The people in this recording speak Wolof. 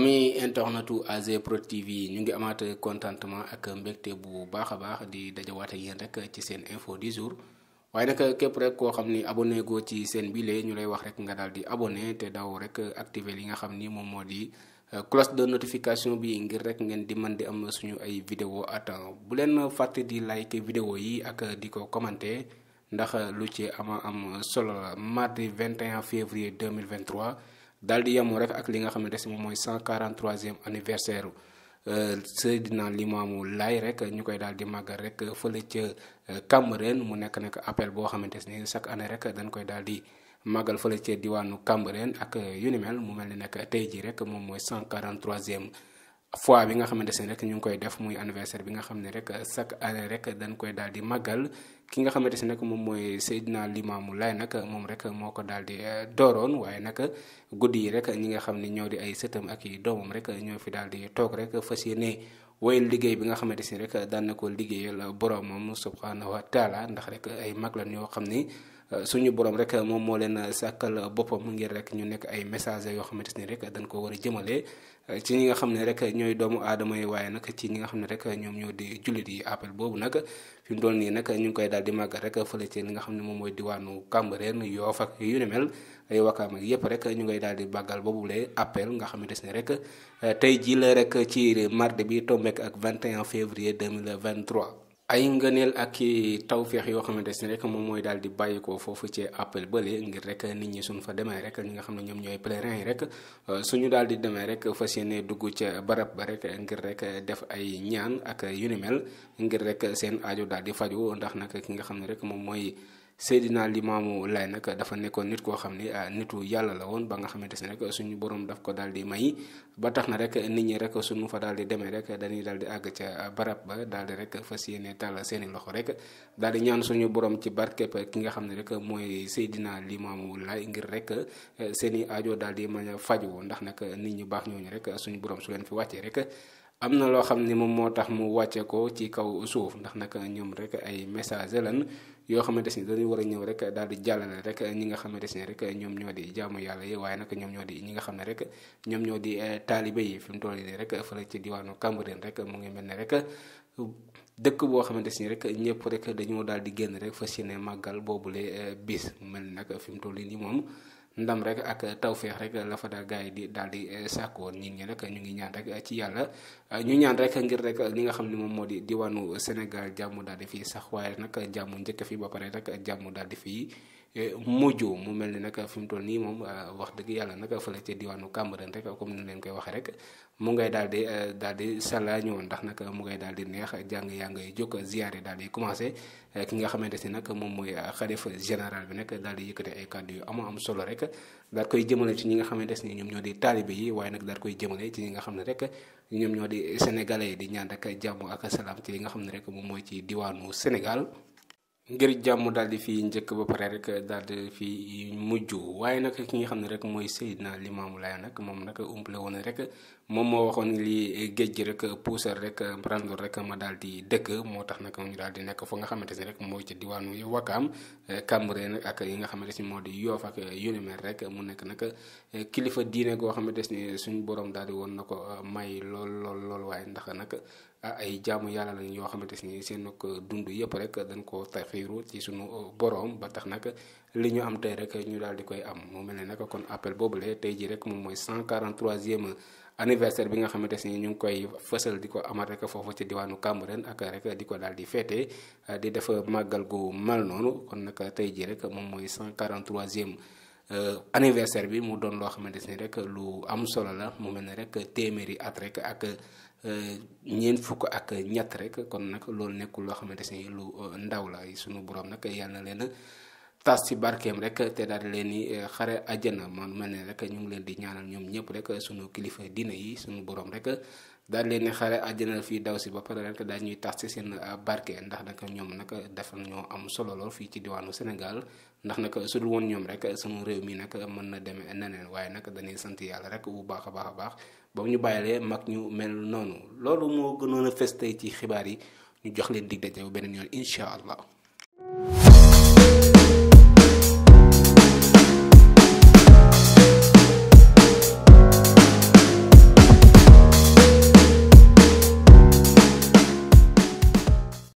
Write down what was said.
ami internetu AG PROD TV ñu ngi amaat contentement ak mbégte bu baax a baax di dajawaat ak yéen rek ci seen info du jour waaye nag képp rek koo xam ni abonné goo ci seen bile ñu lay wax rek nga daal di abonné te daw rek activer li nga xam ni moom moo di euh, cloche de notification bi ngir rek ngeen di man di am suñu ay vidéo à bu leen fàtte di like vidéo yi ak di ko commenter ndax lu ci ama am solo la mardi 21 février 2023. daal di yemoo rek ak li nga xamante si moom mooy 143e anniversaire euh, Seydina Limaamu Laay rek ñu koy daal di màggal rek fële ca euh, Cambérène mu nekk nag appel boo xamante ni chaque année rek dañ koy daal di màggal fële ca diwaanu Cambérène ak euh, yu ni mel mu mel ni nag tey jii rek moom mooy 143e. fois bi nga xamante ne rek ñu ngi koy def muy anniversaire bi nga xam ne rek chaque année rek dañ koy daal di màggal ki nga xamante si nag moom mooy Seydina mu lay nag moom rek moo ko daal di euh, dooroon waaye nag guddi yi rek ñi nga xam ne ñoo di ay sëtam ak i doomam rek ñoo fi daal di toog rek fas ne woyal liggéey bi nga xamante ne rek daan na ko liggéeyal boromam subhanahu wa taala ndax rek ay mag la ñoo xam ni. Euh, suñu borom rek euh, moom moo leen euh, sàkkal boppam ngir rek ñu nekk ay messager yoo xamante ni rek dañ ko war a jëmale ci ñi nga xam ne rek ñooy doomu aadama yi waaye nag ci ñi nga xam ne rek ñoom ñoo di jullit yi appel boobu nag fi mu doon nii nag ñu ngi koy daal di màgg rek fële ci li nga xam ne moom mooy diwaanu Cambérène yoo ak yu ni mel ay wakaam ak yëpp rek ñu ngay daal di boobu boobule appel nga xam ne des ni rek tey jii la rek ci mardi bi tombeek ak 21 février 2023 ay ngëneel ak i tawféex yoo xamante ne rek moom mooy daal di bàyyi foofu ci appel bële ngir rek nit ñi suñ fa demee rek ñi nga xam ne ñoom ñooy pèlerin yi rek euh, suñu daal di demee rek fa yéene dugg ca barab ba rek ngir rek def ay ñaan ak yu ni ngir rek seen aajo daal di faju ndax nag ki nga xam ne rek moom mooy. Seydina Limaamu lay nag dafa nekkoon nit koo xam ne ah, nitu yàlla la woon ba nga xamante ne rek suñu borom daf ko daal di may ba tax na rek nit ñi rek suñu fa daal di demee rek dañuy daal di àgg ca barab ba daal rek fas yéene tàll seeni loxo rek daal di ñaan suñu borom ci barkeb ki nga xam ne rek mooy Seydina Limaamu Laay ngir rek eh, seeni aajo daal di mën a faju ndax nag nit ñu baax ñooñu rek suñu borom su leen fi wàccee rek. am na loo xam ni moom moo tax mu wàcce ko ci kaw suuf ndax nag ñoom rek ay message lan yoo xamante ni dañu war a ñëw rek daal di jàllale rek ñi nga xamante ni rek ñoom ñoo di jaamu yàlla yi waaye nag ñoom ñoo di ñi nga xam ne rek ñoom ñoo di eh, taalibe yi fi mu toll nii rek fële ci diwaanu Cambérène rek mu ngi mel ni rek dëkk boo xamante ni rek ñëpp rek dañoo daal di génn rek fas ne màggal boobu eh, bis mu mel nag fi mu toll nii moom. ndam rek ak tawféex rek la fa daal gars yi di daal di eh, sàkkoon nit ñi nag ñu ngi ñaan rek ci yàlla ñu ñaan rek ngir rek li nga xam ni moom moo di diwaanu Sénégal jàmm daal di fii sax waaye nag jàmm njëkk fii ba pare rek jàmm daal di fii mujj mu mel ni nag fi mu toll nii moom euh, wax dëgg yàlla nag fële ca diwaanu Cambérène rek comme ni leen koy waxee rek mu ngay daal di euh, daal di sala ñëwoon ndax nag mu ngay daal di neex jàng yaa ngay jóg ziare daal di commencé euh, ki nga xamante si nag moom mooy xalif général bi nag daal di yëkkati ay kàddu yu am am solo rek daal koy jëmale ci ñi nga xamante si ñoom ñoo di taalibe yi waaye nag daal koy jëmale ci ñi nga xam ne rek ñoom ñoo di sénégalais di ñaan ak jàmm ak salaam ci li nga xam ne rek moom mooy ci diwaanu Sénégal ngir jàmm daal di fi njëkk ba pare rek daal di fi mujj waaye nag ki nga xam ne rek mooy Seydina Limaamu Laay nag moom nag umpale woon rek moom moo waxoon li géej gi rek puusal rek randul rek ma daal di dëkk moo tax nag ñu daal di nekk fa nga xamante ni rek mooy ci diwaanu Wakaam Cambérène nag ak yi xamante ni moo di Yoof ak yu rek mu nekk nag kilifa diine goo xamante suñu borom daal di woon na ko may lool lool lool waaye ndax nag ay jaamu yàlla lañ yoo xamante ni seen dund yëpp rek dañ ko tax wéeru ci sunu euh, boroom ba tax nag li ñu am tey rek ñu daal di koy am mu mel ne nag kon appel boobule tey jii rek moom mooy 143e anniversaire bi nga xamante si ñu ngi koy fësal di ko amal rek foofu ci diwaanu Cambérène ak rek di ko daal di féete di def màggal gu mal noonu kon nag tey jii rek moom mooy 143e. Euh, anniversaire bi mu doon loo xamante ni rek lu am solo la mu mel ne rek téeméeri at rek ak euh, ñeent fukk ak ñett rek kon nag loolu nekkul loo xamante ni lu euh, ndaw la suñu borom nag yàlla na leen tas ci barkeem rek te daal leen di xare àjjana ma mel ne rek ñu ngi leen di ñaanal ñoom ñëpp rek suñu kilifa diine yi suñu borom rek daal leen di xare àjjana fii daw si ba pare nag daal ñuy tax ci seen euh, barke ndax nag ñoom nag dafa ñoo am solo lool fii ci diwaanu Sénégal ndax nag su dul woon ñoom rek sunu réew mi nag mën na deme neneen waaye nag dañuy sant yàlla rek bu baax a baax a baax ba ñu bàyyilee mag ñu mel noonu loolu moo gënoon a fes tey ci xibaar yi ñu jox leen dig daje bu beneen yoon incha allah.